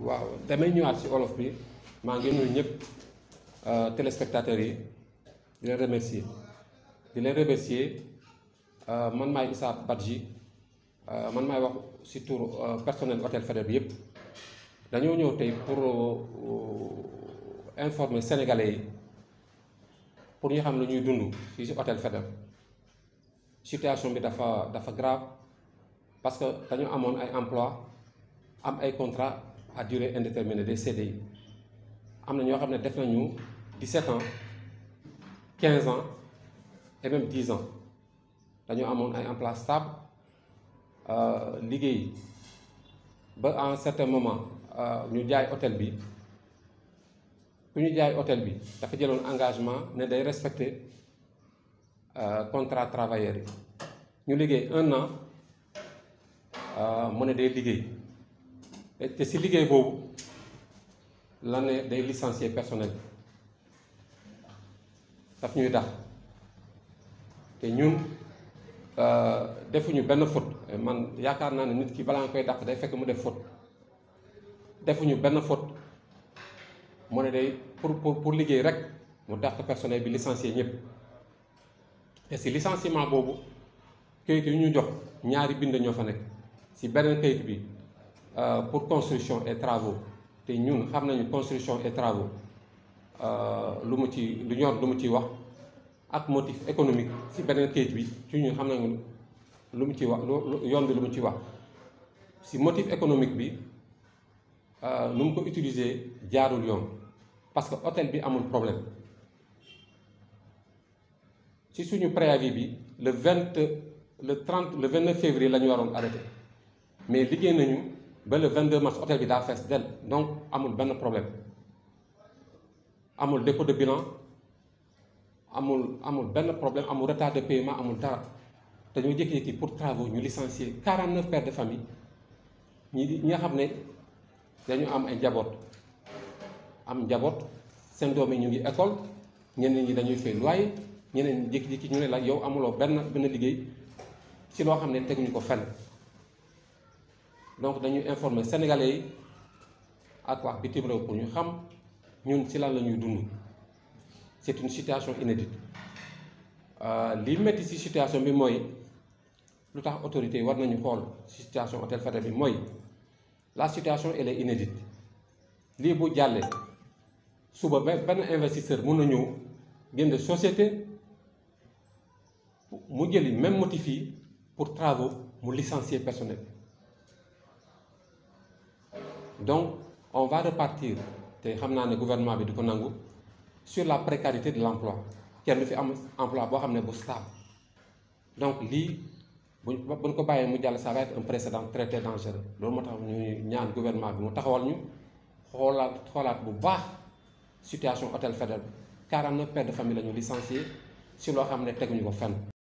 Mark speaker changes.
Speaker 1: waaw damay ñëwaat ci olof bi maa ngi nuyu ñëpp euh, téléspectateurs yi di leen remercier di leen remercier euh, man maay Issa Badji euh, man maay wax ci tour personnel hôtel Faidherbe bi yëpp dañoo ñëw tey pour informer sénégalais yi pour ñu xam lu dundu fii ci hôtel Faidherbe situation bi dafa dafa grave parce que dañu amoon ay emploi am ay contrat à durée indéterminée des CDI am na ñoo xam ne def nañu 17 ans 15 ans et même 10 ans dañoo amoon ay emploi stable euh, liggéey ba en un certain moment euh, ñu jaay hôtel bi ku ñu jaay hôtel bi dafa jëloon engagement ne day respecter euh, contrat travailleur yi ñu liggéey un an mu ne day liggéey. te si liggéey boobu la ne day licencier personnel daf ñuy dax te ñun euh, defuñu benn faute man yaakaar naa ne nit ki balaa nga koy dàq day fekk mu def faute defuñu benn faute mu ne day pour pour pour liggéey rek mu dàq personnel bi lissance ñëpp te si licenciement boobu kayit ñu jox ñaari bind ñoo fa nekk si beneen kayit bi. Euh, pour construction et travaux te ñun xam nañu construction et travaux euh, lu mu ci lu ñor lu mu ciy wax ak motif économique si beneen kayit bi ci ñun xam nañu lu mu ciy wax yoon bi lu mu ciy wax si motif économique bi lu euh, mu ko utiliser jaarul yoon parce que hôtel bi amul problème ci suñu préavis bi le vingt le trente le vingt neuf février la ñu waroon arrêté mais liggéey nañu. ba le 22 mars hôtel bi daa fees dell donc amul benn problème amul dépôt de bilan amul amul benn problème amul retard de paiement amul dara te ñu jékki pour travaux ñu licencier 49 pères de famille ñi ñi nga xam ne dañu am ay njaboot am njaboot seen doom yi ñu ngi école ñeneen ñi dañuy fay loyer ñeneen ñi njëkki jékki ñu ne la yow amuloo benn benn liggéey ci loo xam ne teguñu ko fenn. donc dañuy informer sénégalais yi ak wax bitim réew pour ñu xam ñun ci lan la ñuy dund c'est une situation inédite euh, li métti ci situation bi mooy lu tax autorité yi war nañu xool ci situation hôtel Fata bi mooy la situation elle est inédite lii bu jàllee suba benn investisseur mun na ñëw génne société mu jëli même motif yi pour travaux mu licencier personnel. donc on va repartir te xam naa ne gouvernement bi du ko nangu sur la précarité de l'emploi kenn du fi am emploi boo xam ne bu stable donc lii buñ buñ ko bàyyee mu jàll ça va être un précédent très très loolu moo tax ñuy ñaan gouvernement bi mu taxawal ñu xoolaat xoolaat bu baax situation hôtel Faidherbe 49 pères de famille la ñu licencié si loo xam ne teguñu ko fenn